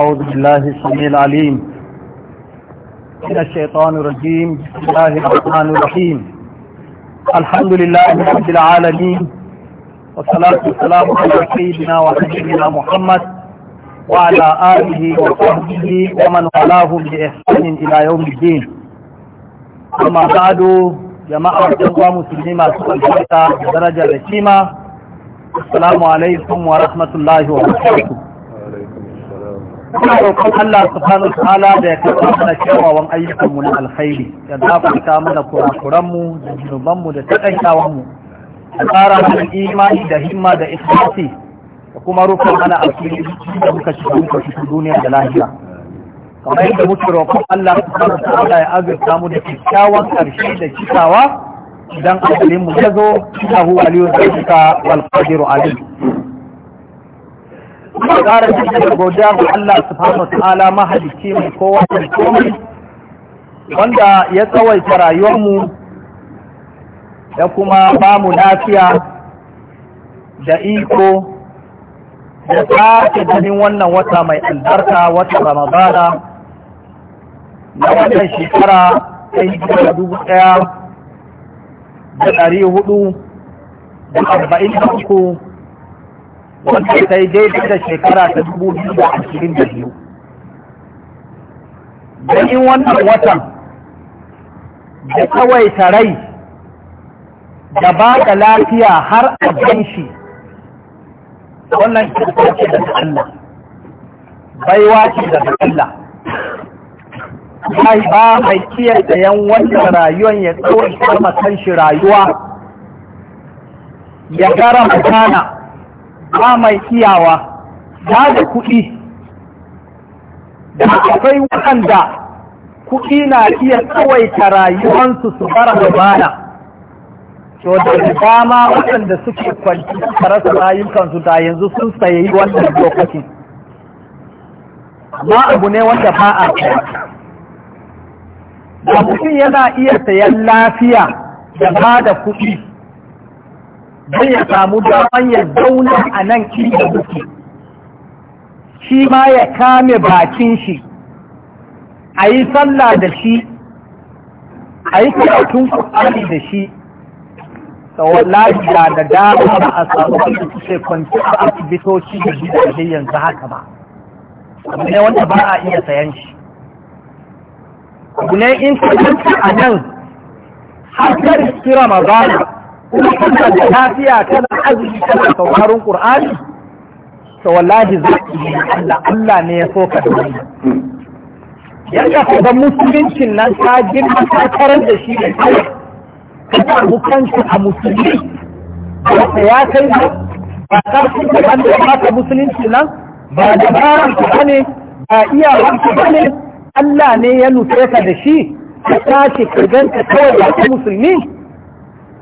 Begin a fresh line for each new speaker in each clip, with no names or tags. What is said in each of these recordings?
أعوذ بالله السميع العليم من الشيطان الرجيم بسم الله الرحمن الرحيم الحمد لله رب العالمين
والصلاة والسلام على سيدنا وحبيبنا محمد وعلى آله وصحبه ومن والاه بإحسان إلى يوم الدين أما بعد جماعة الله مسلمين درجة الرحيمة السلام عليكم ورحمة الله وبركاته Ina roƙon Allah subhanahu wa ta'ala da ya kafa mana kyawawan ayyukan mu na alkhairi ya gafarta mana kurakuran mu da zunuban mu da takaitawan mu
a tsara mana
imani da himma da ikhlasi da kuma rufe mana alkhairi da muka ci muka cikin duniya da lahira. Kamar yadda muke roƙon Allah subhanahu wa ta'ala ya azurta mu da kyakkyawan ƙarshe da cikawa idan asalin mu ya zo, Allahu aliyu da cika wal qadiru alim. da ƙara cikin da godiya ga Allah subhanahu ta'ala mahalicci mai kowa da komai wanda ya tsawaita rayuwarmu ya kuma ba mu lafiya da iko
da sake ganin
wannan wata mai albarka wata ramadana na wannan shekara ta yi dubu ɗaya da ɗari hudu
da arba'in da uku wanda ta
yi daidai da shekara ta dubu biyu da ashirin da biyu da wannan watan da kawai tarai da ba da lafiya har a gan shi wannan kyauta ce daga Allah baiwa ce daga Allah yi ba mai kiyar da yan wannan rayuwar ya tsawon kan shi rayuwa ya gara mutana. ba mai iyawa da da kuɗi da akwai waɗanda kuɗi na iya tsawaita rayuwansu su fara bana to da dama waɗanda suke kwanci suka rasa rayukansu da yanzu sun sayi wannan lokacin
amma abu ne wanda ba a kai.
da mutum yana iya sayan lafiya da ba da kuɗi don ya samu daman ya zauna a nan da muke shi ma ya kame bakin shi a yi sallah da shi a yi karatun kusurari da shi tsawon lafiya da dama ba a samu wanda suke kwanci a asibitoci da gidaje yanzu haka ba abu ne wanda ba a iya sayan shi abu ne in ka a nan har ka riski ramadana kuma kana da lafiya kana azumi kana sauraron qur'ani to wallahi zaki ne Allah Allah ne ya so ka da wani yanda musulincin ga musuluncin nan ka girma ka karar da shi ne kai ka samu a musulmi wata ya kai ba ba karfin ka ban da maka musulunci nan ba dabaran ka bane ba iyawan ka ne Allah ne ya nufe ka da shi ka tashi ka ganta kawai ba musulmi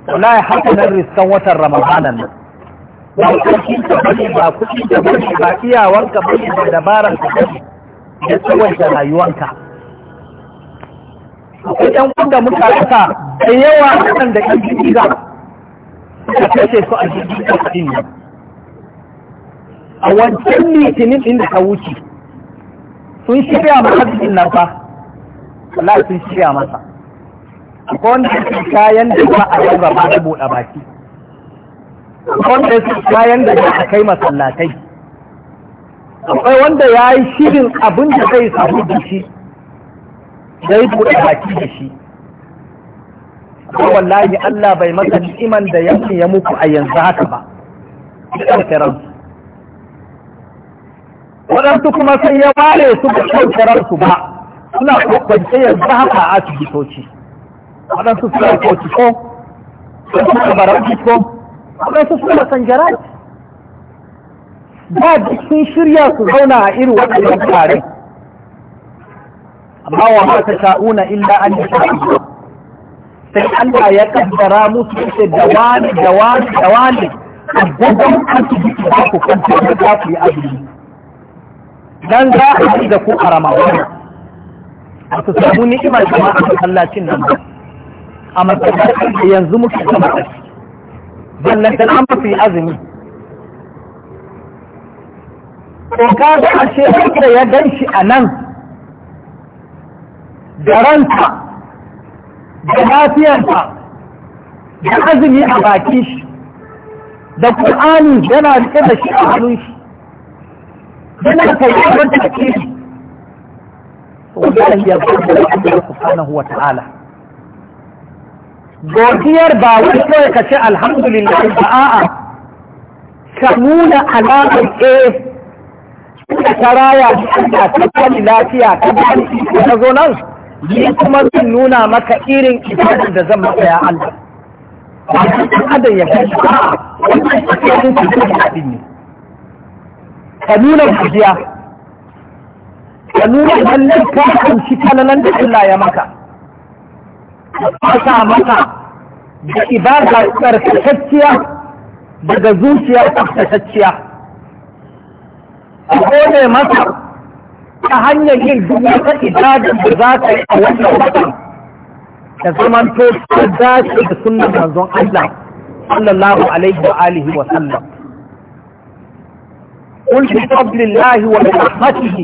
wallahi haka nan riskan watan ramadanan nan
ba kuɗin ka bane
ba kuɗin ka bane ba iyawanka bane da dabaran ka bane da tsawaita rayuwanka akwai ɗan kunda muka rasa da yawa kan da ɗan jirgiza suka kashe su a jirgiza kuɗin nan a wancan litinin ɗin da ta wuce sun shirya mahajjin hajjin nan fa wallahi sun shirya masa akwai wanda kayan da ba a yi ba da buɗa baki akwai kayan da ba a kai masallatai akwai wanda ya yi shirin abin da zai samu da shi zai buɗe baki da shi ko wallahi Allah bai maka ni'iman da yanki ya muku a yanzu haka ba ɗaukarar waɗansu kuma sai ya ware su da ɗaukarar ba suna kwakwance yanzu haka a asibitoci waɗansu suna kociko sun suna barakiko waɗansu suna sanjarat ba sun shirya su zauna a iri waɗannan tare amma wa ma ta sha'una illa an yi sha'i sai Allah ya kaddara musu da dawani dawani dawani a gudun kanta jiki ba ku kanta da ku yi azumi dan za a yi da ku a ramadan a su samu ni'imar jama'a a masallacin nan ba a matsayin yanzu muke ta matsayi ballatan an mafi azumi ko ka ga a ce da ya gan shi a nan da ranta da lafiyarsa da azumi a baki shi da Kur'ani yana rike da shi a hannun shi yana kai wanda ake shi ya yi da Allah subhanahu wa ta'ala godiyar ba wani kawai ka ce alhamdulillah ba a'a ka nuna alamar A, eh, suka karaya da ta kwani lafiya ta bani ta zo nan ni kuma zan nuna maka irin ibadar da zan maka ya Allah ba ta adan ya kai a'a wannan shi da abin ne ka nuna godiya ka nuna wannan ka amshi kalalan da Allah ya maka fasa maka da ibada tsarkakacciya daga zuciya tsaftatacciya a gode masa ta hanyar yin duk wata ibada da za ka yi a wannan watan da zaman to ta dace da sunan manzon Allah sallallahu alaihi wa alihi wa sallam قل بفضل الله وبرحمته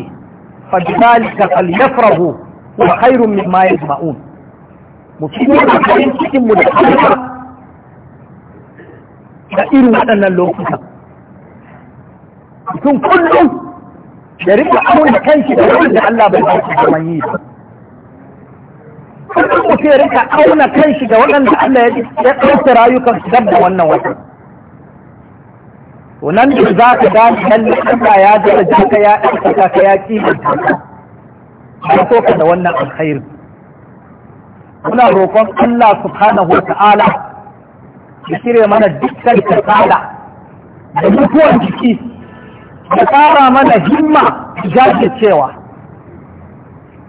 فبذلك فليفرحوا وخير مما يجمعون mu fito da farin cikin mu da kuma da irin waɗannan lokutan mutum kullum ya rika amur da kanshi da wani da Allah bai ba shi zaman yi ba kullum mutum ya rika auna kanshi da waɗanda Allah ya ɗauki rayukan su da wannan wata wannan da za ka gane lalle Allah ya daraja ka ya ɗaukaka ka ya kimanta ka so ka da wannan alkhairi muna roƙon Allah subhanahu wa ta'ala ya shirya mana dukkan kasala da mutuwan jiki da ƙara mana himma cewa.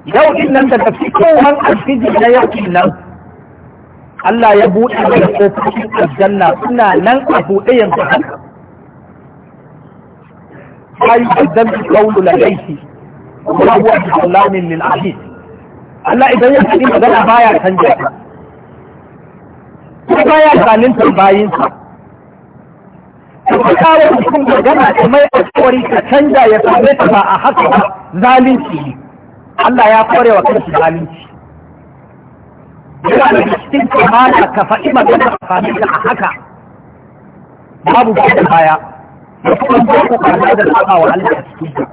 yau din nan daga fitowar alfiji na yau din nan Allah ya buɗe mana kofofin aljanna suna nan a buɗe yanzu haka ayyukan zambi kaulu ladaiki وهو بسلام للعبيد Allah idan ya faɗi magana baya canja ta ko baya zalunta tambayinsa, ka faɗa cikin magana ta mai alƙawari ka canja ya same ta ba a haka ba zalunci ne Allah ya kware wa kansa zalunci yana da cikin kamata ka faɗi magana a a haka babu ba da baya da kuma ba ku da saba wa Allah a cikin ta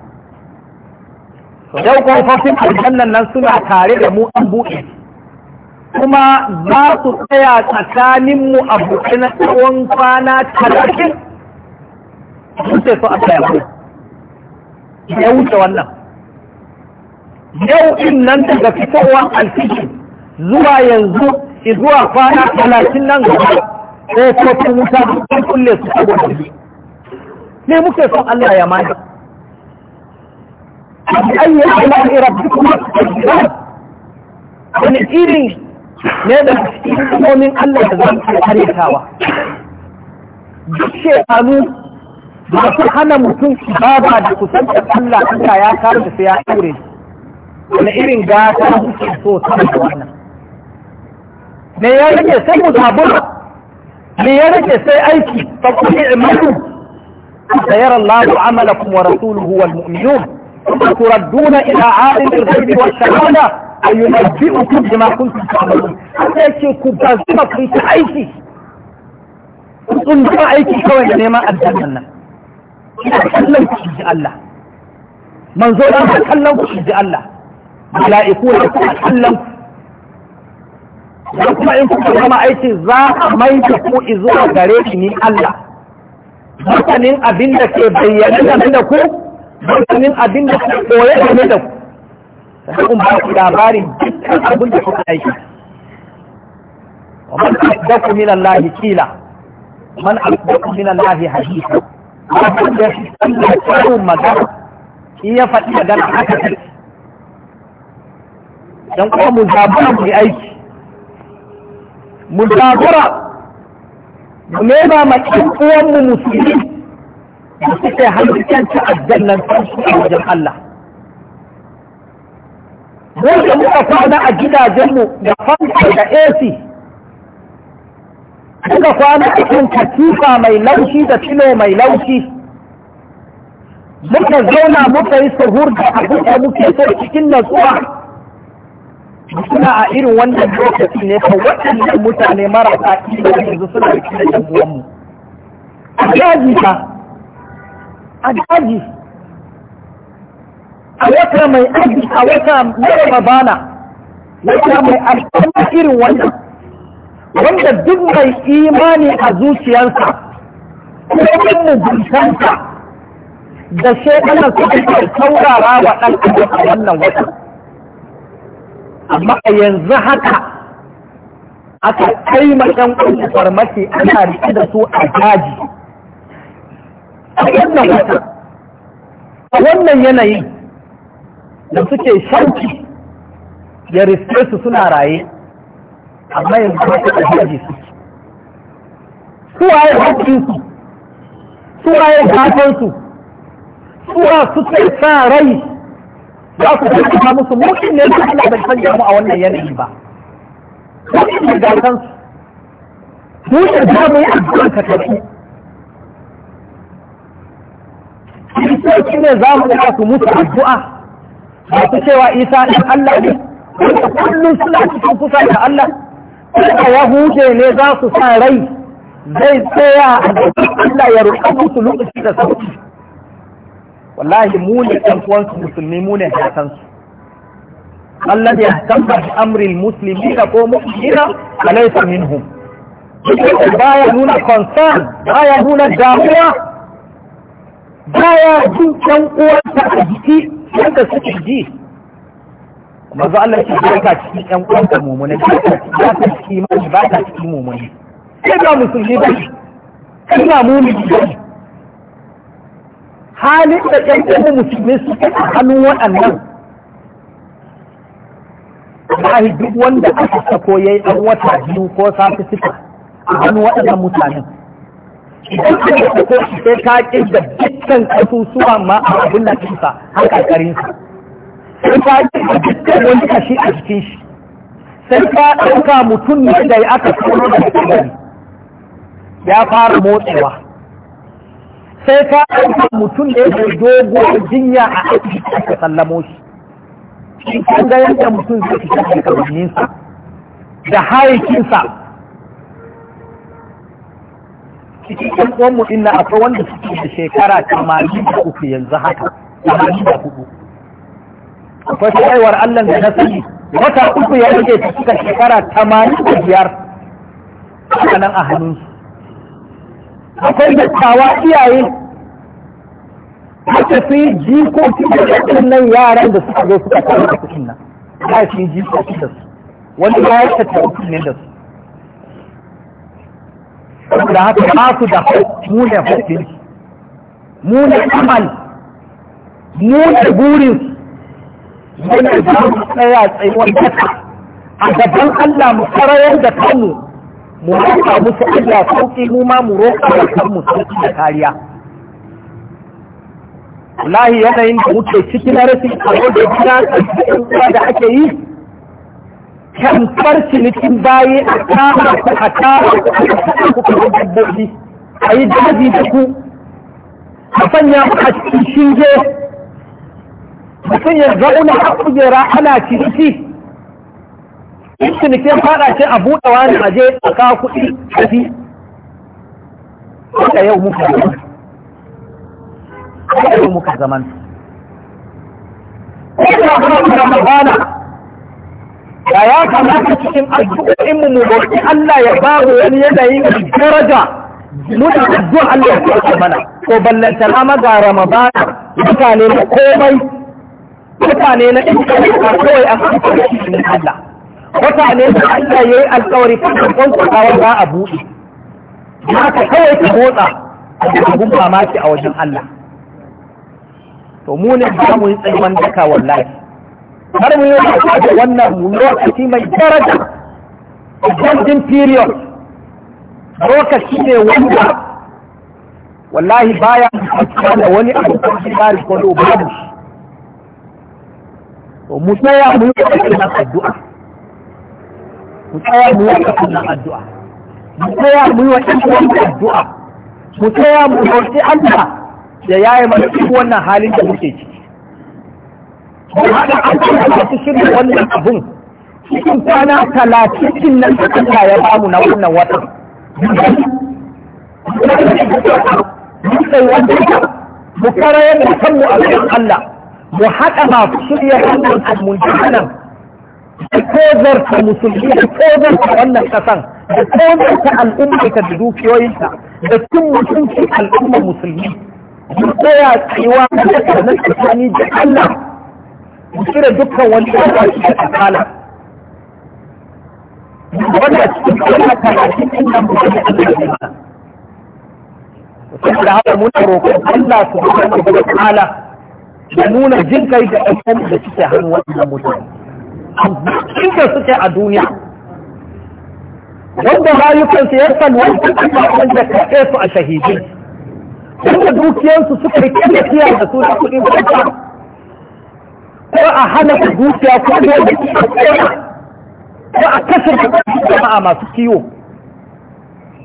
yau kofofin aljannan nan suna tare da mu an buɗe kuma za su tsaya tsakaninmu a buɗe na tsawon kwana talatin wuce su aka yabo ya wuce wannan yau in nan daga fitowar alfijin zuwa yanzu zuwa kwana talatin nan gaba kofofin wuta sun kulle su saboda ne muke son Allah ya mani اي علاقه ربك ان ايري نادى من الله زمان الحريق هوا بشي قانو بشي حنا مكون بابا دكتور الله انت يا كارب في يا ايري ان ايري جاكا صوت ne ya rage sai mu sabu ne ya rage sai aiki fa ku ce mu da yar Allah amalakum wa rasuluhu wal mu'minun تردون إلى عالم الغيب والشهادة أن ينبئكم بما كنتم تعملون حتى يكي بازمة في تعيشي كنتم عيكي كوي لنما أدلنا إذا كلم تشجع الله منظور تكلم تشجع الله ملائكون تتكلم da kuma in kuka zama aiki za a mai da ku izuwa gare shi ni Allah. Masanin abin da ke bayyana da ku dukkanin abin da kuka koya ne da ku da haɗin ba ku labarin dukkan abin da kuka aiki wa man asdaqu min Allah kila man asdaqu min Allah haditha ba san da Allah magana magana ya faɗi magana haka take dan kuma mu zabura mu aiki mu zabura mu nema ma ɗan uwanmu musulmi da suke hannun yan ta'addar nan san a wajen Allah. Mu muka kwana a gidajenmu da fanka da AC, muka kwana a cikin katifa mai laushi da tilo mai laushi, muka zauna muka yi sahur da abin da muke so cikin natsuwa. Suna a irin wannan lokaci ne ka waɗannan mutane marasa ilimin yanzu suna cikin yanzuwanmu. A yaji ta, a daji a wata mai aji a wata mai rabana wata mai alfama irin wannan wanda duk mai imani a zuciyarsa mu muguntansa da shekarar suka saurara wa ɗan a wannan wata amma a yanzu haka aka kai ma ɗan farmaki ana riƙe da su a daji a wannan wata a wannan yanayin da suke shauki ya riske su suna raye amma yanzu ba su da haji su suwaye haƙƙinsu suwaye gafansu suwa suke sa rai za su kuma musu mutum ne da Allah bai sanya mu a wannan yanayi ba mutum ne gafansu mu da za mu yi addu'a ka tafi kiristoci ne za mu iya su mutu addu'a masu cewa isa ɗan Allah ne wanda kullum suna cikin kusa da Allah kuma yahude ne za su sa rai zai tsaya a Allah ya roƙa musu lokaci da sauki wallahi mu ne ɗan uwansu musulmi mu ne hakansu Allah ya tabba amril muslimi da ko mu'mina alaysa minhum baya nuna concern baya nuna damuwa baya jin ɗan uwansa a jiki yadda suke ji mazu Allah shi ya ka ciki ɗan uwansa mumune ba ta ciki mai ba ta ciki mumune sai ba musulmi ba na ba mumuni ba halin da ɗan uwan musulmi suke a hannun waɗannan wallahi duk wanda aka sako yi ɗan wata biyu ko sati suka a hannun waɗannan mutanen idan ka yi da koshi sai ka ƙi da dukkan ƙasusuwa ma a abin da kinsa har sa. sai ka ƙi da dukkan wani kashi a jikin shi sai ka ɗauka mutum ne da ya aka kuma da gari ya fara motsewa sai ka ɗauka mutum ne da dogo jinya a asibiti ka sallamo shi in kan ga yadda mutum zai fita da kamanninsa da hayakinsa cikin ɗan uwan mu inna akwai wanda suke da shekara tamanin da uku yanzu haka tamanin da hudu akwai shaiwar Allah da na sani wata uku ya rage su suka shekara tamanin da biyar a nan a hannunsu akwai dattawa iyaye haka su yi jikoki da ɗin nan yaran da suka zo suka kawo da kuɗin nan za su yi jikoki da su wani ya yi tattara da su saboda haka ba su da mu ne hukunci mu ne amal mu ne burin mu ba mu tsaya tsayuwar kasa a gaban Allah mu farayar da kanmu mu roƙa musu Allah sauƙi mu ma mu roƙa da kanmu sauƙi da kariya wallahi yanayin da muke cikin rashin a da gida da ake yi tamfar cinikin baye a kama ku a kama ku a ku kuma dabbobi a yi daji da ku a sanya ku a cikin shinge mutum ya zauna a kujera ana ciniki in cinikin fada ce a buɗe wani aje a kawo kuɗi a fi a yau muka zaman haka yau muka zaman Ina kuma kuma da ya kamata cikin addu'o'in mu mu roƙi Allah ya ba mu wani yanayi daraja muna addu'a Allah ya ba mana ko ballanta na maza Ramadan mutane na komai mutane na iska kawai an hankali cikin Allah mutane da Allah ya yi alkawari kan kwankwasawa wanda a buɗe haka kawai ka motsa a abun mamaki a wajen Allah to mu ne za mu yi tsayuwan daka wallahi har mu yi da wannan lokaci mai daraja judging period lokaci ne wanda wallahi baya da wani abu da shi ba rikodo babu shi mu tsaya mu yi wannan addu'a mu tsaya mu yi wannan addu'a mu tsaya mu yi wannan addu'a mu tsaya mu roƙi Allah ya yaye mana duk wannan halin da muke ciki
da haka an kuma su shirya wannan
abun cikin kwana talatin din nan da Allah ya bamu na wannan watan mu sai wanda mu karayar da kanmu a cikin Allah mu haɗa masu shirya hannun wannan almunjanan da kozar ta musulmi da kozar ta wannan kasan, da kozar ta al'umma ta da dukiyoyinta da cin mutunci al'ummar musulmi mu tsaya tsayuwa na tsakanin da Allah mu cire dukkan wani ɗan shi a kala wanda cikin kala kala cikin da mu cire Allah da haka muna roƙon Allah su hana da ta'ala da nuna jin kai da ɗan da suke hannu wannan mutum. In da suke a duniya wanda rayukansu ya san wanda Allah wanda kaɗe su a shahidin wanda dukiyarsu suka rike da da su da kuɗin kwanta ko a hana ku zuciya ko dole ko a kashe jama'a masu kiwo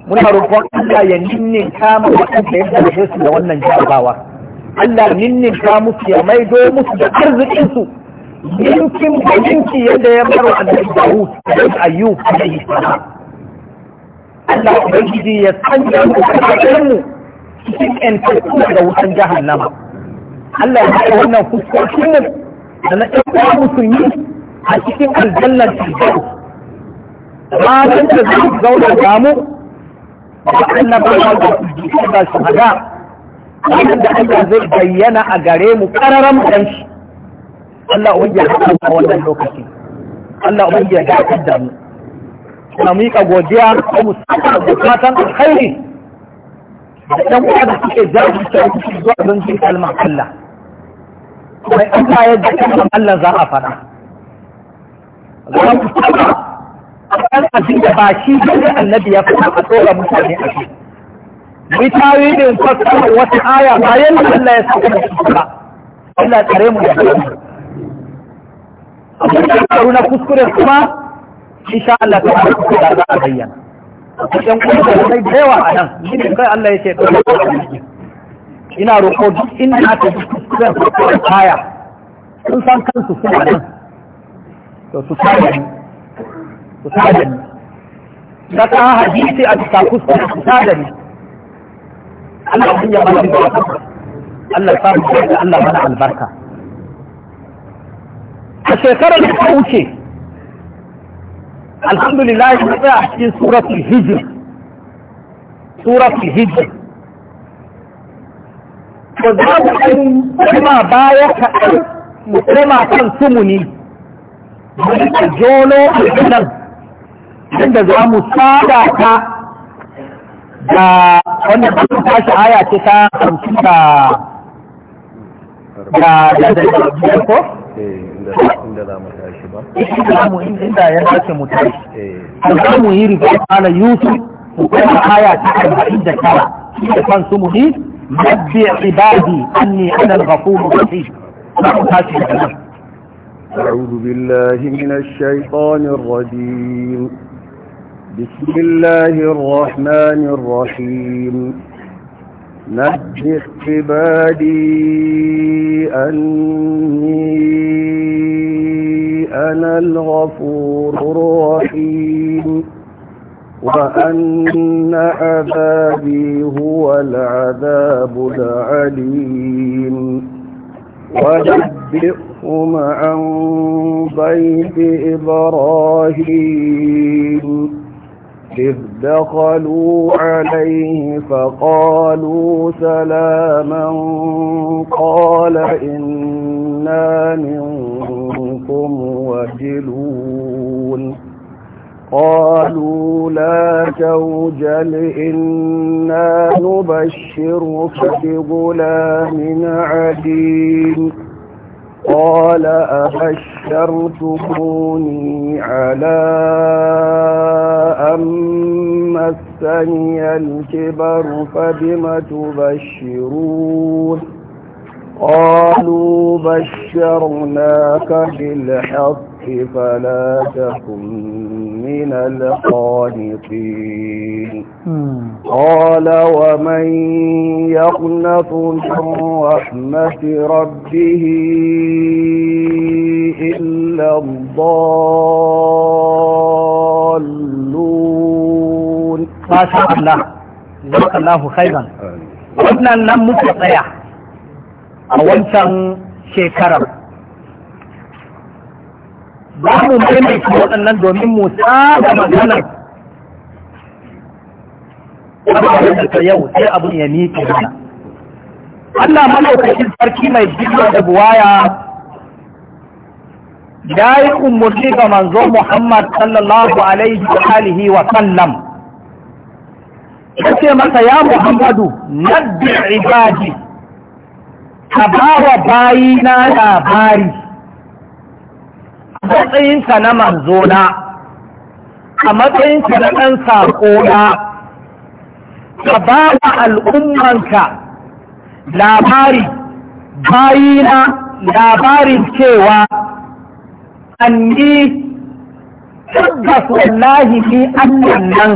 muna roƙon Allah ya ninnin kama da ya da su da wannan jarabawa Allah ninnin ka musu ya maido musu da arzikinsu
yankin da yanki yadda ya maro a da Dawud
da Ayyub alaihi salam Allah ubangiji ya sanya mu cikin mu cikin ƴan da wutan jahannama Allah ya haɗa wannan fuskokin mu da na ɗan musulmi a cikin aljannar cikin matan da za su zauna damu
da annabawa da su
jiki da su haga
wannan da Allah zai
bayyana a gare mu ƙararan ɗan Allah ubangi ya haɗa a wannan lokaci Allah ubangi ya haɗa da mu na miƙa godiya ko musamman da fatan alkhairi da ɗan uwa da suke jajirce zuwa zan jin kalmar Allah akwai in ka yadda kalmar Allah za a fara. za ku taɓa akan abin da ba shi da annabi ya fara a tsora mutane a shi mu tawi din fassara wata aya ba yadda Allah ya saka mu ba Allah tsare mu da abin da karu na kuskure kuma insha Allah ta fara da za a bayyana. Kusan kuma da sai da yawa a nan, shi ne kai Allah ya ce ɗaukar da ina roƙo duk inda aka ji kuskuren kuskuren kaya sun san kansu suna nan to su sada ni su sada ni da ka hadisi a bisa kuskuren su sada ni
Allah sun yi mana da
Allah ya samu da Allah mana albarka a shekarar da ta wuce alhamdulillah ya tsaya a cikin suratul hijr suratul hijr to za mu ɗan kuma baya kaɗan mu koma kan sumuni mu rika jolo a aljannan inda za mu tsada ta da wannan bakin tashi aya ce ta hamsin da
da da da da ko eh, inda za mu tashi ba inda ya dace mu tashi eh. za mu yi riga
ala yusuf ko kuma aya ta arba'in da tara shi da kan sumuni نبي عبادي أني أنا الغفور الرحيم
أعوذ بالله من الشيطان الرجيم بسم الله الرحمن الرحيم نبئ عبادي أني أنا الغفور الرحيم وأن عذابي هو العذاب العليم ونبئهم عن بيت إبراهيم إذ دخلوا عليه فقالوا سلاما قال إنا منكم وجلون قالوا لا توجل إنا نبشرك بغلام عليم قال أبشرتموني على أن مسني الكبر فبم تبشرون قالوا بشرناك بالحق الحق فلا تكن من القانطين قال ومن يقنط من رحمة ربه إلا الضالون ما شاء الله جزاك الله خيرا
wannan nan muka tsaya a wancan shekarar
Ba mu maimaita waɗannan
domin mu tsada maganar ta yau sai abin ya miƙe mana Allah malaukakin sarki mai jirgin da buwaya ya yi umarni ga manzo Muhammad sallallahu alaihi wa alihi wa sallam ya ce masa ya Muhammadu nabbi ibadi ka ba wa bayina labari matsayinka na manzona a matsayinka na ɗan saƙona ka ba wa al'ummanka labari bayina labarin cewa anni tabbas wallahi ni annan nan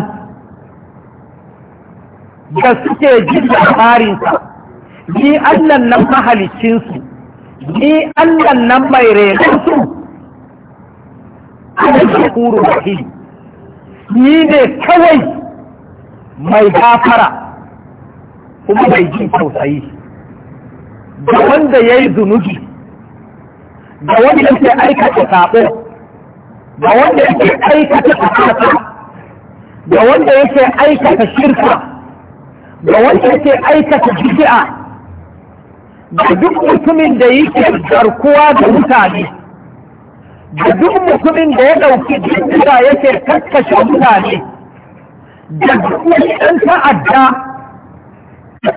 da suke jin labarinsa ni allan nan mahalicinsu ni allan nan mai rena. ana da rahim ni ne kawai mai gafara kuma mai jin tausayi da wanda ya yi zunubi da wanda ya ke aikata sabo da wanda ya ke aikata tsakata da wanda yake aikata shirka da wanda yake aikata bid'a da duk mutumin da yake garkuwa da mutane da duk mutumin da ya ɗauki jirgin yake karkashe mutane da duk wani ɗan ta'adda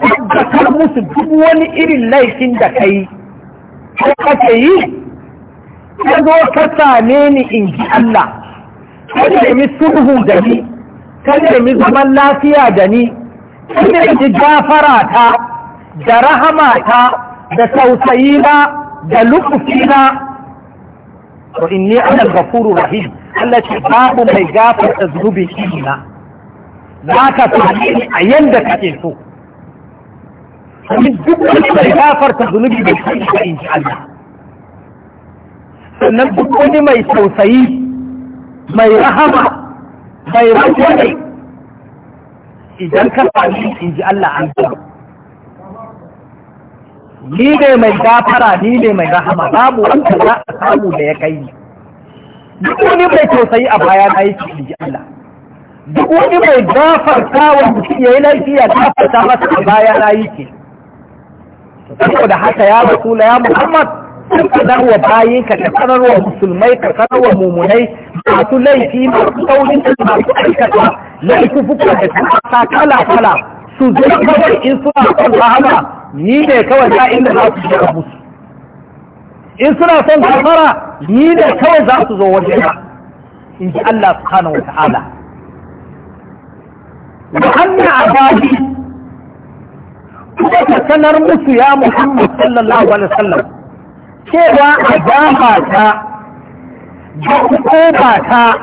tabbatar musu duk wani irin laifin da ka yi ko kake yi ka zo ka same ni in ji Allah ka nemi sulhu da ni ka nemi zaman lafiya da ni ka nemi gafara ta da rahama ta da tausayi na da lukufi na to inni ana al-ghafuru rahim Allah ce babu mai gafarta zunubin ina za ka tafi a yanda kake so duk wani mai gafarta zunubi da shi ka in ji Allah sannan duk wani mai tausayi mai rahama mai rahama idan ka sami in ji Allah an zama ni ne mai gafara ni ne mai rahama babu wanda za a samu da ya kai ni duk wani mai tausayi a baya na yake ji Allah duk wani mai gafarta wa mutum ya yi laifi ya gafarta masa a baya na saboda haka ya rasula ya Muhammad sun kadar wa bayinka ka sanar wa musulmai ka sanar wa mumunai masu laifi masu saurin da masu aikata laifuka da ta kala kala su zai kawai in suna son rahama ni ne kawai za inda za su shiga musu in suna son kafara ni ne kawai za su zo ba. in ji Allah subhanahu wa ta'ala wa anna abadi kuma ka sanar musu ya Muhammad sallallahu alaihi wasallam cewa azaba ta da hukuma ta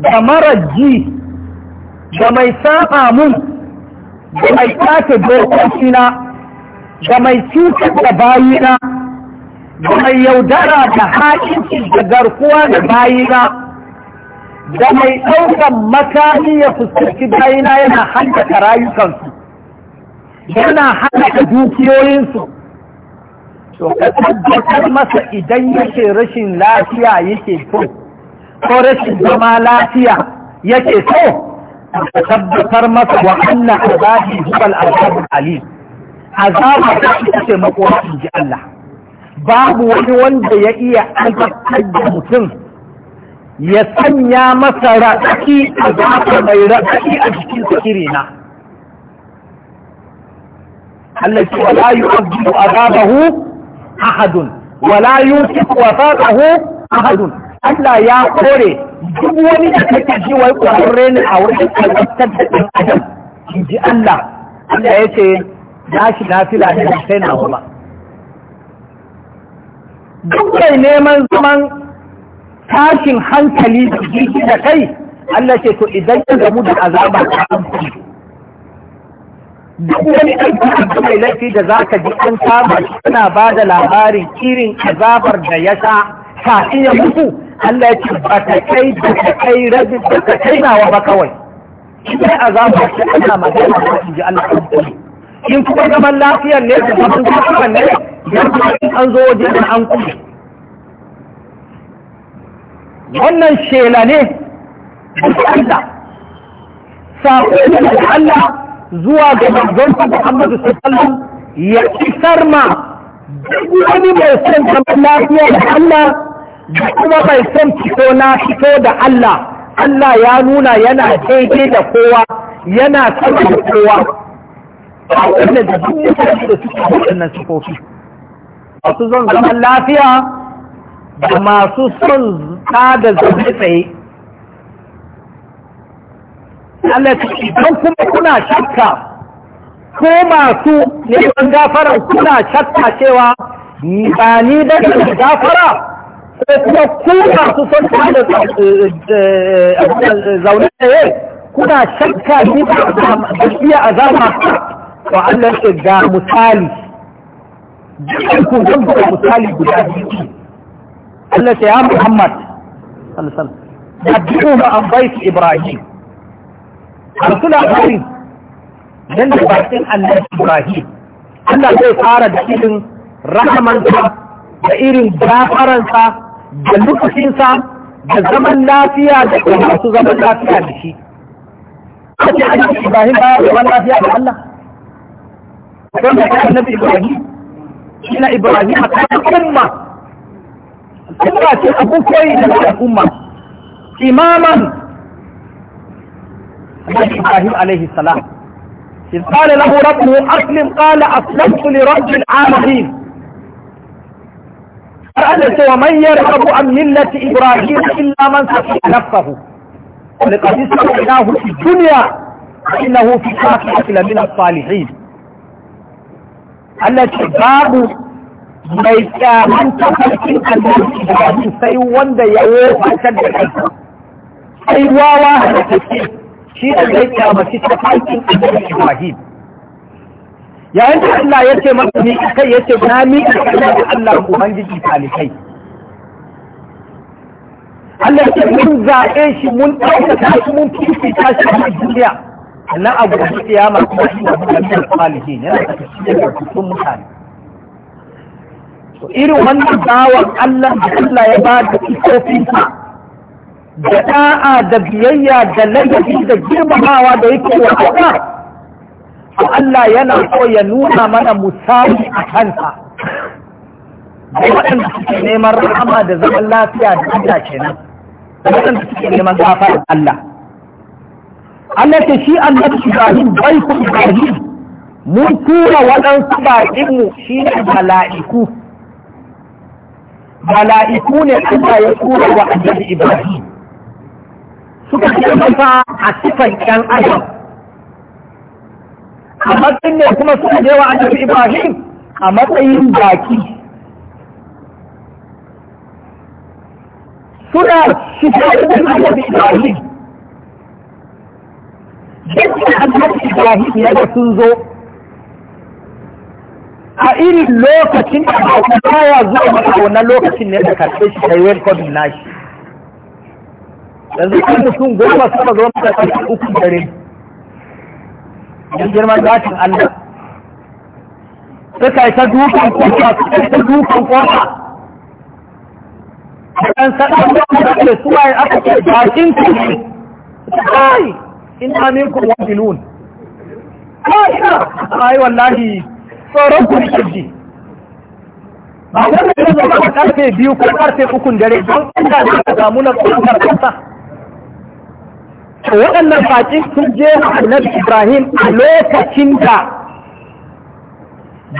da ji, da mai saba mun da mai tace dokokina da mai cutar da bayina da mai yaudara da haƙinci da garkuwa da bayina da mai ɗaukan makami ya fuskanci bayina yana haddaka rayukansu yana haddaka dukiyoyinsu to ka tabbatar masa idan yake rashin lafiya yake so ko rashin zama lafiya yake so ka tabbatar masa wa anna azabi zubar azabul alim azaba ta ita ce makoma in ji Allah babu wani wanda ya iya azabtar da mutum ya sanya masa raɗaki a zafi mai raɗaki a jikin sakiri na Allah ce wala yi yu'azzibu azabahu ahadun wala yusiku wasaqahu ahadun Allah ya kore duk wani da kake ji wai kwararre ne a wurin azabtar da ɗan adam in ji Allah Allah ya ce ya shi da da sai na kuma duk mai neman zaman tashin hankali da jiki da kai Allah ce to idan ya gamu da azaba ta hankali duk wani aiki da mai laifi da za ka ji an saba ba da labarin irin azabar da ya sha kafin ya mutu Allah ya ce ba ta kai da ta kai rabi da ta kai nawa ba kawai. Idan azabar ta ana magana da inji ji Allah ta in kuma zaman lafiyar ne da zaman lafiyar ne yadda an zo waje da an kuma wannan shela ne Allah sako da Allah zuwa ga manzon Muhammadu sallallahu ya isar ma duk wani mai son zaman lafiya da Allah da kuma mai son fito na fito da Allah Allah ya nuna yana daidai da kowa yana sama da kowa
wannan da duk mutane da suke waɗannan
sifofi masu son zaman lafiya da masu son tsada zaune tsaye Allah ta idan kuma kuna shakka ko masu neman gafara kuna shakka cewa ba ni da gafara ko kuma ku masu son tsada eh, eh, eh, zaune tsaye kuna shakka ni ba iya azama Wa Allah ce ga misali dukkan ku zan buga misali guda biyu Allah ce ya Muhammad sallallahu alaihi wasallam addu'u an baiti Ibrahim Rasul Akari dan da bakin Allah Ibrahim Allah zai fara da irin rahamansa da irin gafaransa da lokacinsa da zaman lafiya da masu zaman lafiya da shi. Kace Ibrahim baya zaman lafiya da Allah. كان النبي إبراهيم إن إبراهيم كان أمة كان أبو الى الأمة إماما إبراهيم عليه السلام إذ قال له ربه أسلم قال أسلمت لرب العالمين قال ومن يرغب عن ملة إبراهيم إلا من سفه نفسه ولقد استغناه في الدنيا إنه في الآخرة لمن الصالحين Allah babu mai kyaman tafarkin annabi da sai wanda ya wofatar da kansa sai wawa da kake shi da zai kyamaci tafarkin annabi Ibrahim yayin da Allah ya ce masa ni kai ya ce na mi da Allah ubangiji talikai Allah ya ce mun zaɓe shi mun ɗaukaka shi mun fifita shi a duniya sannan a gobe kiyama kuma shi da mutane salihin yana da cikin rubutun mutane to irin wannan bawan Allah da Allah ya ba da isofinsa da da'a da biyayya da ladabi da girmamawa da yake wa Allah to Allah yana so ya nuna mana musali a kansa
da waɗanda suke neman rahama
da zaman lafiya da Allah kenan da waɗanda suke neman gafa da Allah Allah ta shi annabi Ibrahim bai ku Ibrahim mun tura waɗansu baƙin mu shi ne mala'iku mala'iku ne Allah ya tura wa annabi Ibrahim suka kirkata a cikin ƴan adam
a matsayin ne kuma suka je wa annabi Ibrahim
a matsayin baki suna shi cikin annabi Ibrahim Ibrahim ya sun zo a irin lokacin da ba baya zuwa masa wannan lokacin ne da karfe shi kai welcome nashi yanzu kan mutum goma suka zo masa karfe uku dare yan girman zafin Allah suka yi ta dukan kwata suka yi ta dukan a kan sadan da ake suwaye aka ce gashin kai in aminkum wajilun ai wallahi tsoron ku ne ba wanda da zama karfe biyu ko karfe ukun dare don inda ne ka samu na kasa to waɗannan sun je annabi ibrahim a lokacin da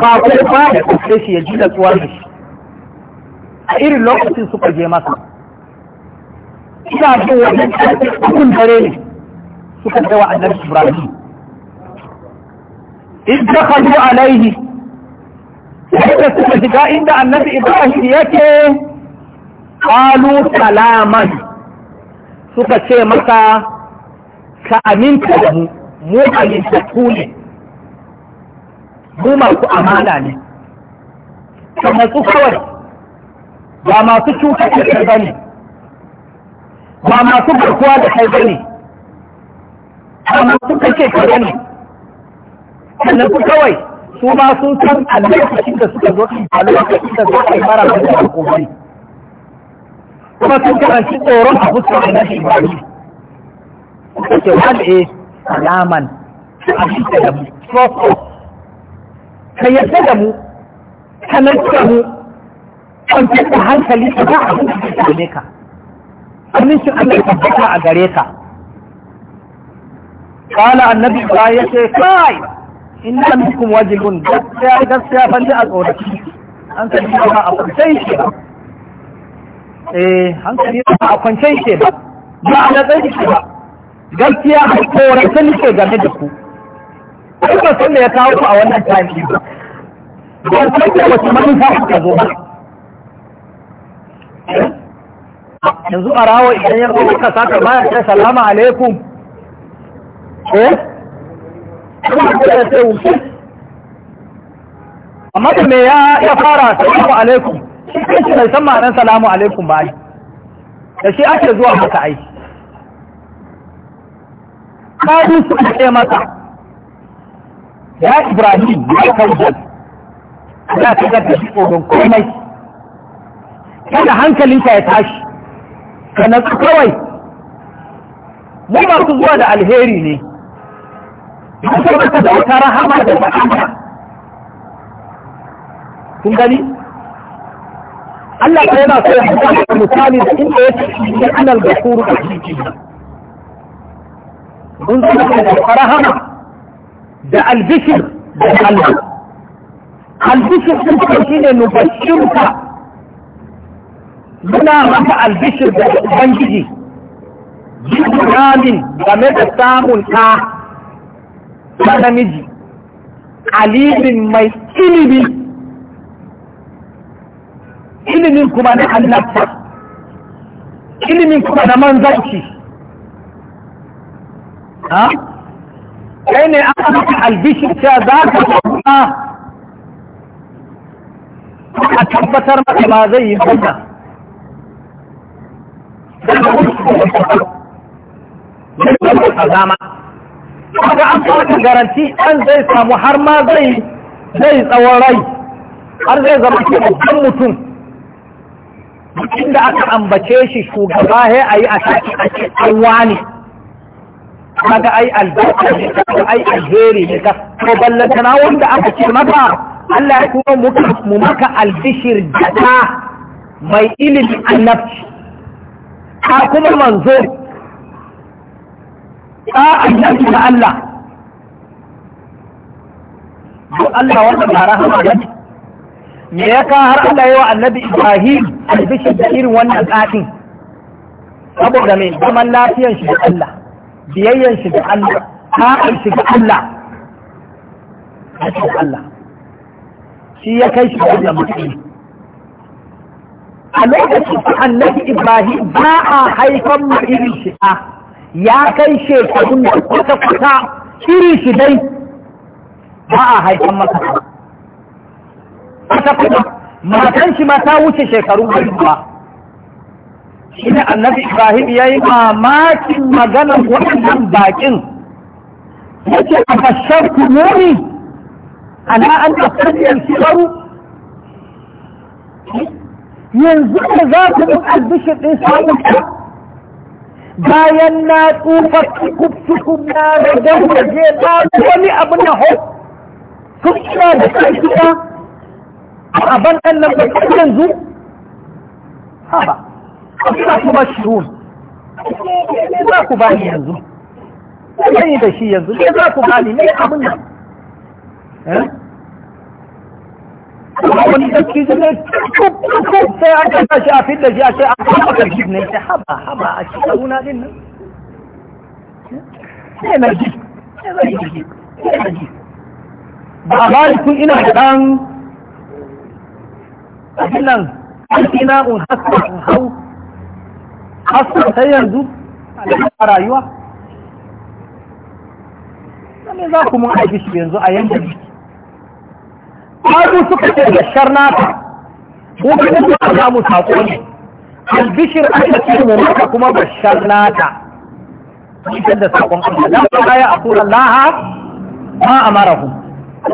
ba ko ba da kusa
shi ya ji da tsuwar da shi a irin lokacin suka je masa ina jin wajen karfe ukun dare ne suka wa annabi ibrahim in dakhalu alaihi yadda suka shiga inda annabi ibrahim yake qalu salaman suka ce masa ka aminta da mu mu amintattu ne mu masu amana ne ka matsu kawai ba masu cutar da kai bane ba masu garkuwa da kai bane amma suka ce ka gani sannan ku kawai su ma sun san a lokacin da suka zo a lokacin da suka yi mara da alkoholi kuma sun karanci tsoron a fuskar nashi bari suka ce wanda e salaman a shi da mu ka yadda da mu ka da mu kwanci da hankali ka ba a hankali ka amincin Allah ya tabbata a gare ka kala annabi ba yace ce kai in da minkum gaskiya gaskiya a tsoraci hankali ba ba a natsan shi ba gaskiya a game da ku kuma sun da ya kawo ku a wannan tarihi ba ba san da wace manufa kuka zo ba yanzu a idan ya zo kuka saka baya sai salama alaikum eh kuma da ta wuce amma da me ya ya fara salamu alaikum shi ne san ma'anar salamu alaikum ba da shi ake zuwa maka ai kawo su ce masa ya ibrahim ya kaujan ya ta gata shi tsoron komai kada hankalinka ya tashi ka natsu kawai mu masu zuwa da alheri ne an kai masa da wata rahama da rahama kun gani
Allah ba yana so ya haɗa misali da inda ya ce shi anal bakuru a cikin
mun zama da farahama da albishir da Allah albishir sun ce shi ne nubashirka muna maka albishir da ubangiji jin ramin game da samun ta ta namiji alimin mai ilimi ilimin kuma na annabta ilimin kuma na manzanci ha kai ne aka maka albishin cewa za ka kuma a tabbatar maka ba zai yi wannan zama kaga an baka garanti an zai samu har ma zai zai tsawon rai har zai zama ke babban mutum inda aka ambace shi shugaba he a yi a shaki a ce an wani kaga ai albarka ne kaga ai alheri ne Ko ballantana wanda aka ce maka Allah ya kuma muka mu maka albishir jata mai ilimin annabci ka kuma manzo sa'an yanki na Allah ko Allah wanda ba rahama ba me ya ka har Allah yawa annabi Ibrahim albishir da irin wannan tsafi saboda mai zaman lafiyan shi da Allah biyayyan shi da Allah ta'an shi da Allah da Allah shi ya kai shi wannan mutum a lokacin annabi Ibrahim ba a haifan mu irin shi'a ya kai shekarun da kwata-kwata shiri shi dai ba a haifan masa kwata-kwata matan shi ma ta wuce shekarun haihuwa shi ne annabi ibrahim ya yi mamakin maganar waɗannan baƙin ya ce a fashar kumuni ana an da karniyar shigaru yanzu da za ku yi albishir ɗin samun ɗan bayan na tsufa tukub na da waje na wani abu na hau sun kira da ƙarfiya a ban ɗan nan ba kan yanzu haba ina kuma shi ne za ku ni yanzu ne da shi yanzu ne za ku ni ne abin nan
eh? wani sarki su
ne kuku sai an kasa shi a fidda shi a ce a kama karfi ne ta haba haba a cikin wuna din nan sai na ji sai na ji ba a bari kun ina da ɗan abin nan ina un haska un hau haska sai yanzu a rayuwa. Zame za ku mun aiki shi yanzu a yanzu
ƙwaru suka ce bashar
naka ko kuma suka samu sako ne albishir aka ce mu maka kuma bashar naka cikin da sakon Allah Da ta kaya a kula laha ma amarahu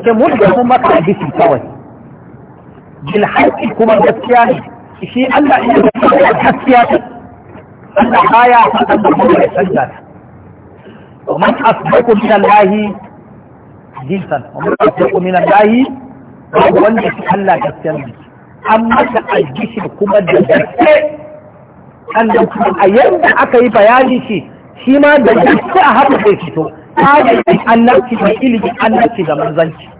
ce mu da mu maka albishir kawai bil haqqi kuma gaskiya ne shi Allah ya yi gaskiya ta. Allah baya a kan da ya sanya ta ومن أصدق من الله جنسا ومن أصدق من الله babu wanda ya Allah gaskiyar shi an masa algishi kuma da gaske sannan kuma a yadda aka yi bayani shi shi ma da gaske a haka zai fito yi annabci da ilimin annabci da manzanci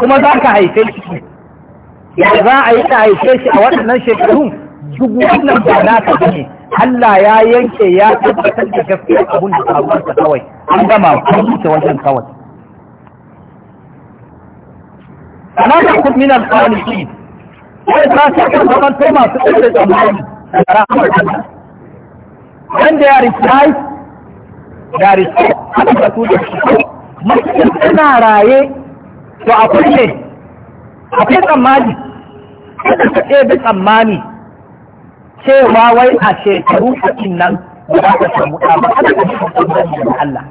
kuma za ka haife shi
ya za a yi ta
haife shi a waɗannan shekarun duk wannan ba na ta gani. Allah ya yanke ya tabbatar da gaskiyar abun da ta kawai an gama an wuce wajen kawai ana da من الخالقين al-qaliqin sai ta ce kan zaman masu tsare tsammani da ana su da shi raye to akwai ne akwai tsammani ka bi tsammani cewa wai a shekaru ɗin nan ba ka samu ana shi Allah.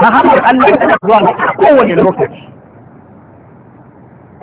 Mahamman Allah zuwa kowane lokaci.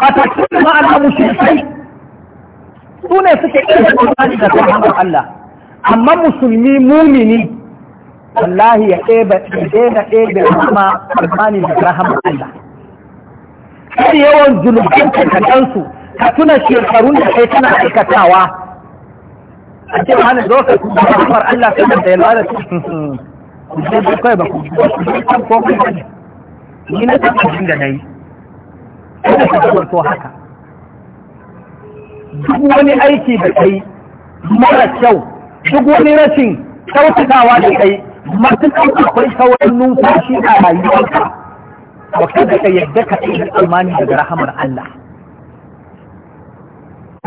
a tattun ma'ana mushrikai su ne suke ɗaya Qur'ani da sahabban Allah amma musulmi mumini wallahi ya ɗeba ɗeba ɗeba rahama Qur'ani da rahaman Allah kar yawan zulubin kakansu ka tuna shekarun da kai tana aikatawa a ce hana zo ka kuma rahamar Allah ka da yalwa da su ku je kai ba ku ko ku ni na tabbacin da nayi kada ka zamanto haka duk wani aiki da kai mara kyau duk wani rashin kyautatawa da kai matuƙar akwai sauran numfashi a rayuwarka ba kada ka yadda ka ɗaya tsammani daga rahamar Allah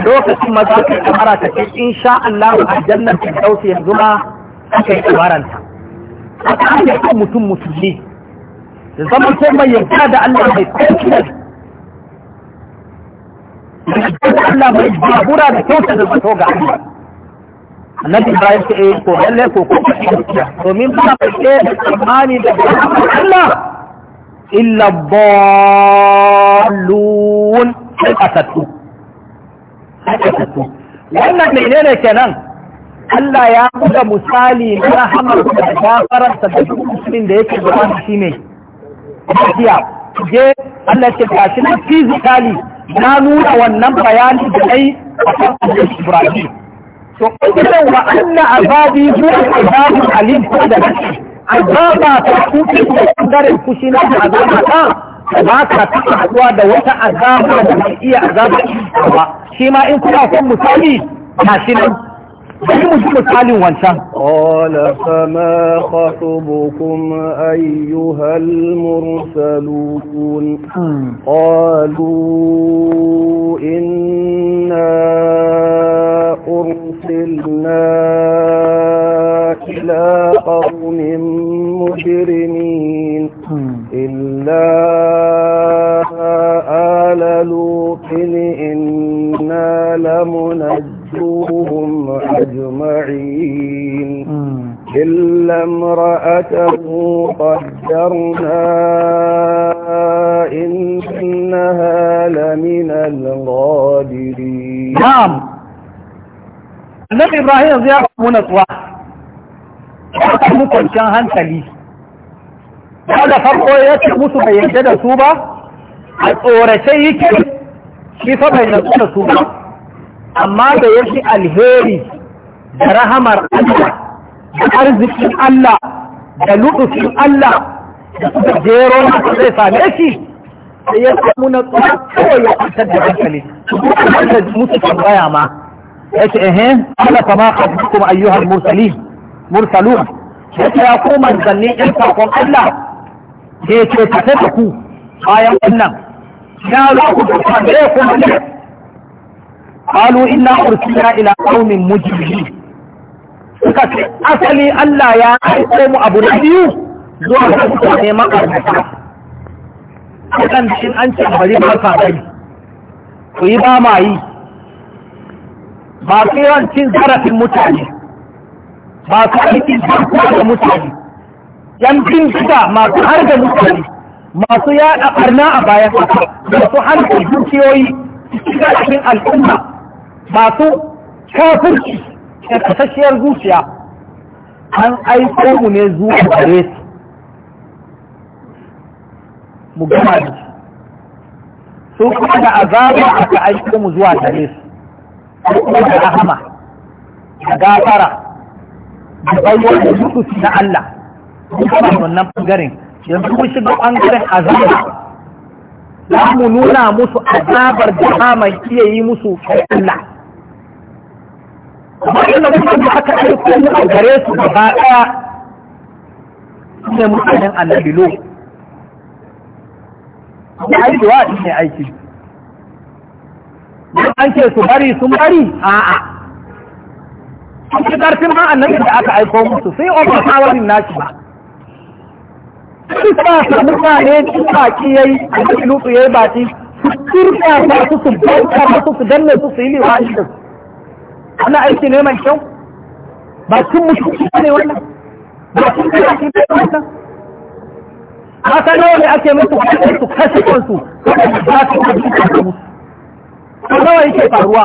lokacin maza ka kamara ta ce in sha Allah a jannar ta dausa yanzu ma aka yi kamaranta aka ake kan mutum mutum ne. da zama ko mai yarda da Allah mai kwanciyar Allah bai jagora da kyauta da zato ga Allah annabi Ibrahim ce eh ko lalle ko ko domin ba ka ce da tsammani da Allah illa dallun sai kasatu sai kasatu wannan menene kenan Allah ya buga misali na rahamar da gafararsa da duk musulmin da yake gaba shi ne. Tafiya, je Allah ce gashi na fizikali na nuna wannan bayani da ai a kan Ibrahim to irin wa anna azabi huwa azabul alim ko da kace azaba ta kuke da kandarin fushi na azaba ta ba ka taɓa haɗuwa da wata azaba da mai iya azaba ba shi ma in kuna son misali ta shi nan
قال فما خطبكم أيها المرسلون hmm. قالوا إنا أرسلنا إلى قوم مجرمين hmm. إلا آل لوط إنا لمنجمين وجوههم أجمعين إلا امرأته قدرنا إنها لمن الغادرين نعم النبي إبراهيم رضي
الله عنه نطوى وقال شان هان سلي قال فرقه يتك موسو بيجد سوبا أورشيك كيف بيجد سوبا amma da ya fi alheri da rahamar Allah da arzikin Allah da luɗufin Allah da suka jero na zai same shi da ya samu na tsoron kawai ya fitar da hankali da musu tambaya ma ya ce ehe ala kama kuma ayyuhal mursali mursalu ya ce ya koma manzanni ɗin sakon Allah Ke ya ce ka ku bayan wannan ya zo ku kuma ku qalu inna ursilna ila qaumin mujrimin suka ce asali Allah ya aiko mu abu na biyu zuwa ga mutane makarnata kan cikin an ce bari ba ka kai ku yi ba ma yi ba su yi cin zarafin mutane ba su cin zarfa da mutane yan cin gida masu har da mutane masu yaɗa ɓarna a bayan ƙasa masu hankali dukiyoyi cikin al'umma masu kafirci da kasashiyar zuciya an aiko mu ne zuwa gare su mu gama da su su kuma da azaba aka aiko mu zuwa gare
su su kuma da rahama
da gafara da bayyana da lutufi na Allah su kuma wannan bangaren yanzu mun shiga bangaren azaba
za mu nuna musu azabar da
mai iya yi musu Allah amma inda mutane aka aiko a gare su gaba ɗaya ne mutanen annabi lo ya aiki wa ne aiki don an ce su bari sun bari a'a sun ci ƙarfin ma annabi da aka aiko musu sai o ba sawarin nashi ba Kusa sa mutane su baki yayi, a duk lutsu yayi baki, su turka su su bauta su su danne su su yi liwa da su. Ana aiki neman kyau ba cin mutunci ne wannan ba cin mutunci ne wannan haka nawa ne ake musu kashe su kashe kansu ba su kashe kansu ko nawa yake faruwa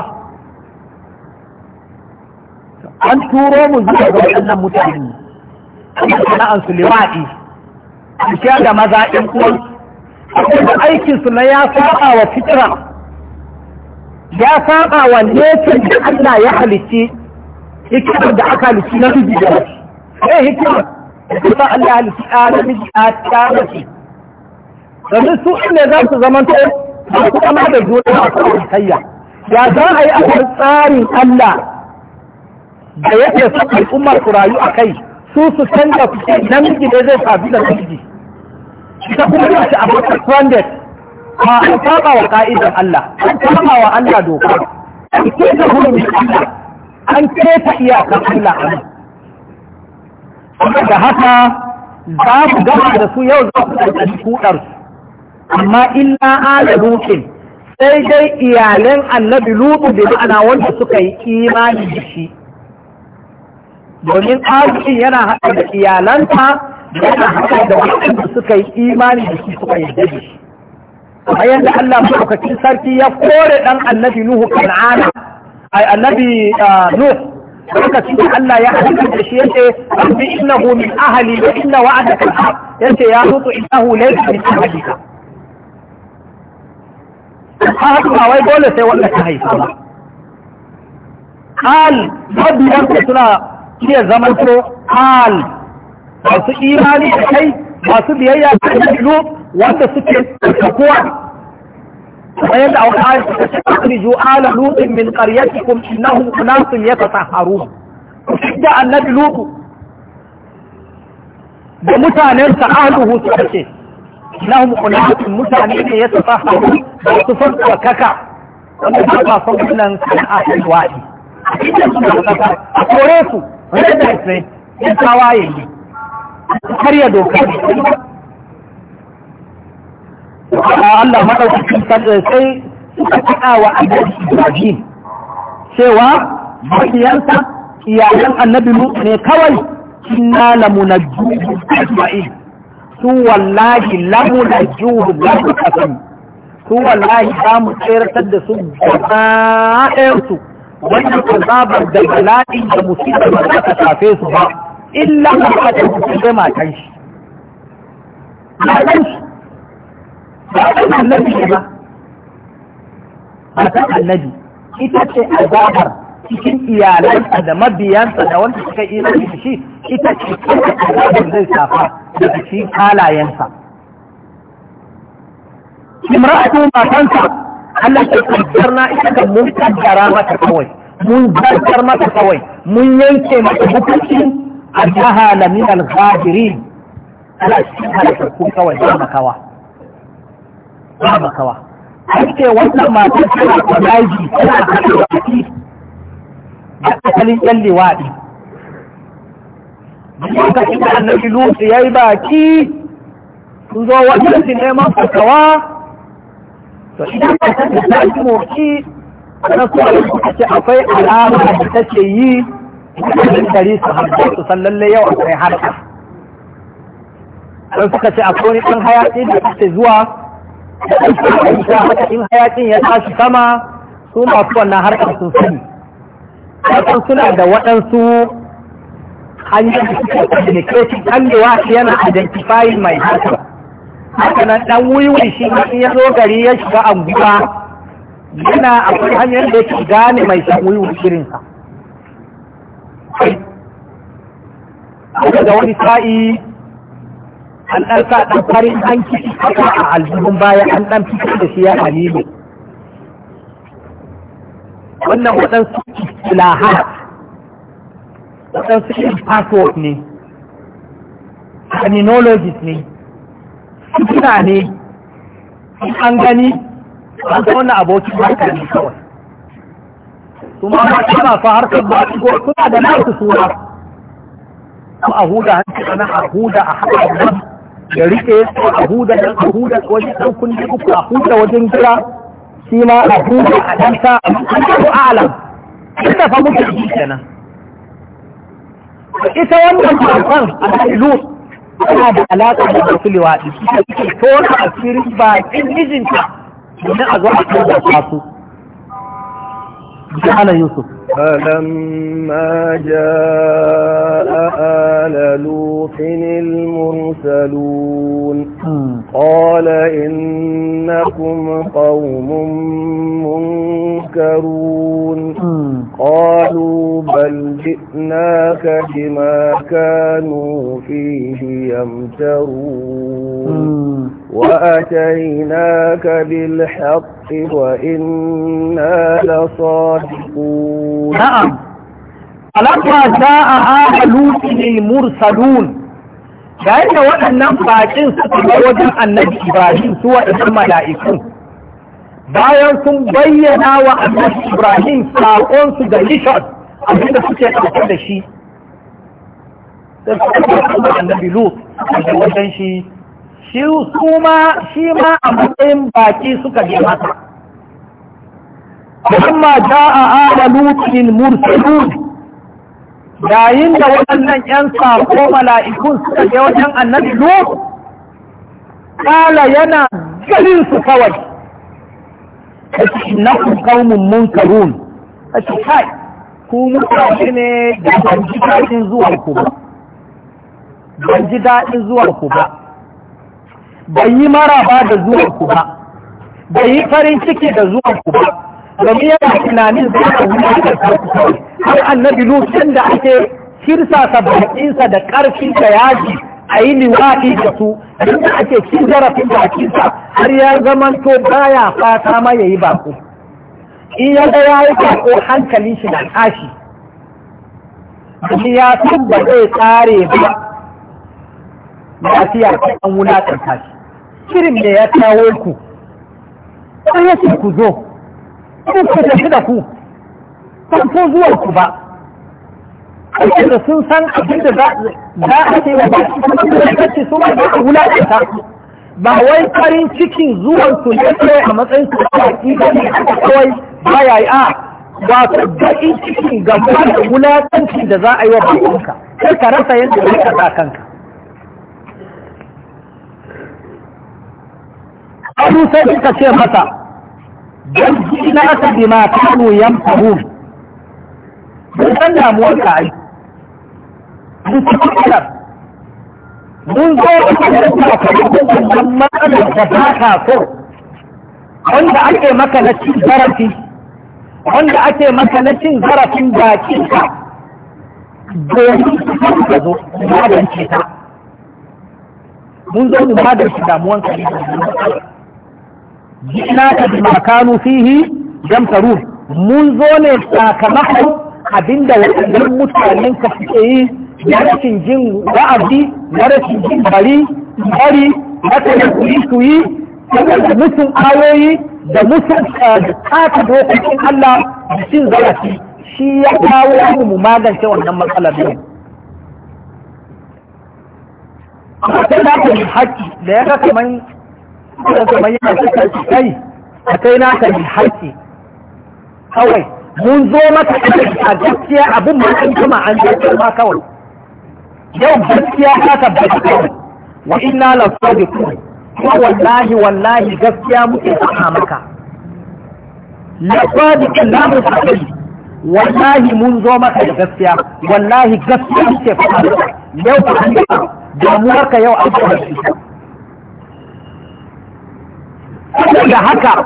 an turo mu zuwa ga waɗannan mutane sana'an su liwaɗi a da maza ɗin kuma aikinsu na ya saba wa fitira ya saba wa nesa da Allah ya halicci hikimar da aka halicci na rubi da ya eh hikimar da Allah ya halicci a namiji miji a ta mace domin su inda za su zama ta yi su kama da juna a kan kayya ya za a yi kan tsarin Allah da yake su al'ummar ku rayu a kai su su canza su namiji ne zai sabi da rubi. ita kuma ya a bakar ba an saba wa ka'idan Allah an saba wa Allah doka an keta hurumin Allah an keta iyakan Allah a nan da haka za su gama da su yau za ku ɗauki kuɗar amma illa ala lutin sai dai iyalan annabi lutu da ma'ana wanda suka yi imani da shi domin arzikin yana haɗa da iyalanta yana haɗa da waɗanda suka yi imani da shi suka yi da shi A yadda Allah madaukakin sarki ya kore ɗan annabi Nuhu kan'ana ai annabi ah, Nuh haka da Allah ya halaka da shi yace rabbi innahu min ahli wa inna wa'adaka al-haq yace ya lutu innahu laysa min ahlika haka ba wai dole sai wanda ta haifa ba al mabiyan ka suna iya zaman to al masu imani da kai masu biyayya da kai wanda suke kowa kuma yadda a wani ayat ta cikin akhriju ala lutin min qaryatikum ya unasun yatatahharun duk da annabi lutu da mutanen sa ahluhu suka ce innahum unasun mutane ne yatatahharun ba su san kaka. wanda ba sa san wannan kan'atun wa'i a kore su wanda da ya tsaye ya tsawaye ne har ya doka Allah maɗaukakin sai suka faɗa wa annabi Ibrahim cewa maƙiyansa iyalan annabi Nuhu ne kawai inna lamunajjuhu ajma'in su wallahi lamunajjuhu lamu kasan su wallahi za mu tsayar da su gaba ɗayansu wannan azabar da bala'i da musibar da za ta shafe su ba
illa ma ka tafi sai
matan shi ba annabi ne ba ba annabi ita ce azabar cikin iyalansa da mabiyansa da wanda suka yi da shi ita ce kuma azabar zai safa da cikin halayensa imra'atu matansa Allah ta na ita ga mun kaddara mata kawai mun zartar mata kawai mun yanke mata hukunci a jaha lamin al-ghafirin Allah shi halaka kawai da makawa ba makawa ake wannan matar tana kwalaji tana kashe baki a asalin yan liwaɗi lokacin da annabi lutu ya yi baki sun zo wajen su neman fatawa
to idan ka san da ta yi
moki na su a ce akwai alama da ta ce yi cikin dari su hamsin su san lalle yau akwai harka don suka ce akwai wani ɗan hayaƙi da ta zuwa in hayakin ya tashi sama su masu wannan da waɗansu hanyar da suke communicating yana mai harkar haka nan ɗan shi in ya zo gari ya shiga anguwa yana akwai hanyar da yake gane mai shan wiwi wani sa'i an ɗan sa ɗan farin hanki haka a aljihun baya an ɗan fitar da shi ya halilu wannan waɗansu ilahat waɗansu irin password ne terminologies ne suna ne an gani an ga wannan abokin haka ne kawai kuma ba suna fa harkar ba suna da nasu suna a huda hankali na a huda a haɗa da rike a huda dan a huda wajen dan kunne uku a huda wajen kira shi ma a huda a dan sa ko a'lam inda fa muke ji kenan ita wannan matan a ilu tana da alaƙa da masu liwaɗi ita take tona asirin bakin mijinta domin a zo a da
su Jihana Yusuf فلما جاء آل لوط المرسلون قال إنكم قوم منكرون قالوا بل جئناك بما كانوا فيه يمترون وأتيناك بالحق وإنا لصادقون na'am فلما جاء آل لوط المرسلون yayin da waɗannan baƙin suka
ga wajen annabi Ibrahim bayan sun bayyana wa annabi Ibrahim saƙonsu da Lishon abinda suke ɗauke da shi da suka ga annabi Lut da wajen shi shi ma a matsayin baki suka je lamma ja'a ala lutin mursalun yayin da waɗannan ‘yan sako mala'ikun suka je wajen annabi lut kala yana ganin su kawai kashi na kaumun munkarun kashi kai ku shi ne da ban ji daɗin zuwar ku ba ban ji daɗin zuwar ku ba ban yi maraba da zuwar ku ba ban yi farin ciki da zuwar ku ba domin yana tunanin zai ka wuce da har annabi lutan da ake shirsa sa da karfin ka ji a yi liwaɗi da su inda ake cin zarafin bakinsa har ya zamanto baya fata ma ya yi bako in ya ga ya yi bako hankalin shi na tashi domin ya san ba zai tsare ba lafiya ta an wulaƙanta shi shirin da ya kawo ku sai ya ce ku zo in ku tafi da ku kan ko zuwa ku ba aikin da sun san abin da za a ce wa baki da su ma za a wulaƙanta ba wai farin cikin zuwan su ne kai a matsayin su da aƙida ne kawai ba ya yi a ba ka baƙin cikin gaba da wulaƙanci da za a yi wa bakinka sai ka rasa yadda zai ka sa kanka abu sai suka ce masa don ji na aka bi ma kanu yan faru mun san damuwar ka ai mun san matsalar mun zo da kanta ka yi kusan matsalar da ba ka so wanda ake maka na cin zarafi wanda ake maka na cin zarafin bakin ka domin ka zo magance ta mun zo mu magance damuwanka ne da jina ka bi makanu fihi yamtarun mun zo ne sakamakon abinda waɗannan mutanen ka suke yi na rashin jin wa'azi na rashin jin bari bari na tayyakuri su yi da mutum ayoyi da mutum eh, taka dokokin Allah da cin zarafi shi ya kawo mu magance wannan matsalar yau akwai naka haƙƙi da ya ga kamar
kuma kamar yana cikin kai
a kai na ka yi haƙƙi kawai mun zo maka a gaskiya abin ma an kuma an je kuma kawai yau gaskiya ka tabbata kawai wa inna la sadiqun kuma wallahi wallahi gaskiya muke faɗa maka la sadiqun la mutaqalli wallahi mun zo maka da gaskiya wallahi gaskiya muke faɗa maka yau ka damuwarka yau an shi? da haka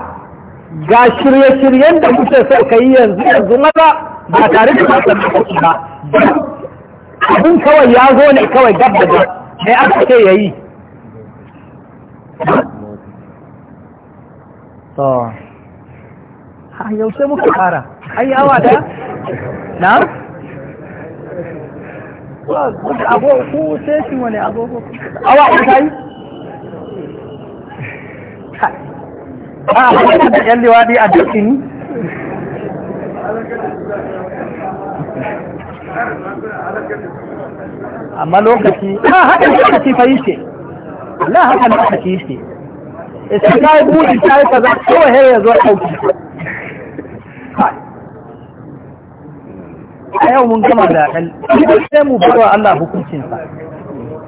ga shirye-shiryen da kuke so ka yi yanzu yanzu maza ba tare da masan lokaci ba
abin kawai ya zo ne kawai gab da gab mai aka ce ya yi to
yaushe muka fara an yawa da na agogo sai shi wani agogo awa ta yi a halatta da a dukkan amma lokaci a haka lokaci fa yake la haka lokaci yake ta eh, kai buɗi kai kaza kawai har ya zo ɗauki a yau mun gama da ɗan sai mu bawa Allah hukuncinsa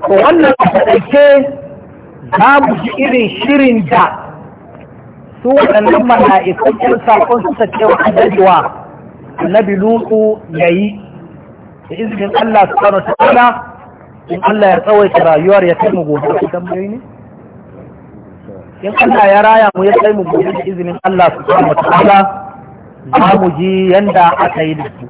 to wannan a faɗaike za ji irin shirin da su waɗannan mala'ikun ƴan saƙon suka ce wa annabiwa annabi ya yi. da izinin Allah subhanahu ta'ala in Allah ya tsawaita rayuwar ya kai mu gobe su tambayoyi ne in Allah ya raya mu ya kai mu gobe da izinin Allah subhanahu ta'ala za mu ji yanda aka yi da su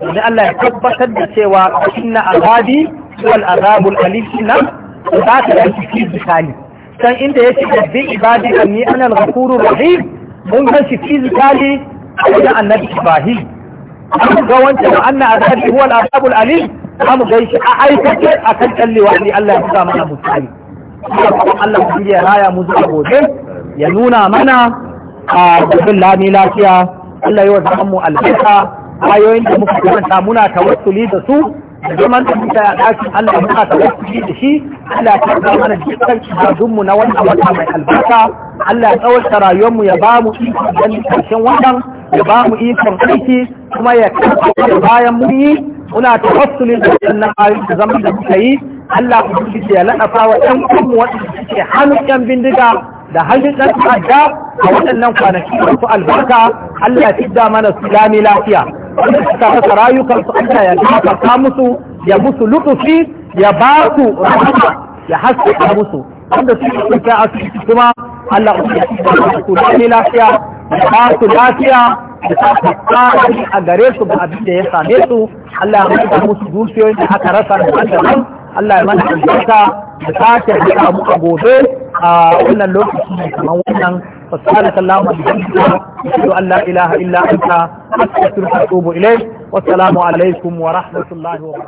domin Allah ya tabbatar da cewa inna azabi wal azabul alim nan za ta yi fi bisani can inda ya ce bi ibadi anni ana al-ghafurur rahim mun ga shi fizikali a wajen annabi ibrahim an ga wancan da anna azabi huwa al-azabul alim za ga shi a aikace a kan kallewa ne Allah ya buga mana mutane Allah ya raya mu zuwa gobe ya nuna mana a gobin lami lafiya Allah ya wa mu albarka ayoyin da muka karanta muna tawassuli da su zaman da muka ya ɗakin Allah muka tawakkuli da shi Allah ya ga mana dukkan ibadunmu na wannan wata mai albarka Allah ya tsawaita rayuwarmu ya ba mu ikon ganin karshen wannan ya ba mu ikon aiki kuma ya kafa bayan mun yi muna tawassuli da wannan ayoyi da zaman da muka yi Allah ku ji ya ladafa wa ɗan kuma waɗanda suke hannun ɗan bindiga da hannun ɗan ta'adda a waɗannan kwanaki masu albarka Allah ya fidda mana su lami lafiya wanda suka rasa rayukansu Allah ya gafarta musu ya musu lutufi ya ba su rahama ya haskaka musu wanda su suka a asibiti kuma Allah ya ba su dani lafiya ya ba su lafiya ya ta tsari a gare su ba abin da ya same su Allah ya musu dukiyoyin da aka rasa da wanda Allah ya mana albarka da sake a muka gobe a wannan lokaci mai kamar wannan fasara sallama da jinka yadda Allah ilaha illa anta hasa sun hasobo ilai wasu alaikum wa rahmatullahi wa barakatuh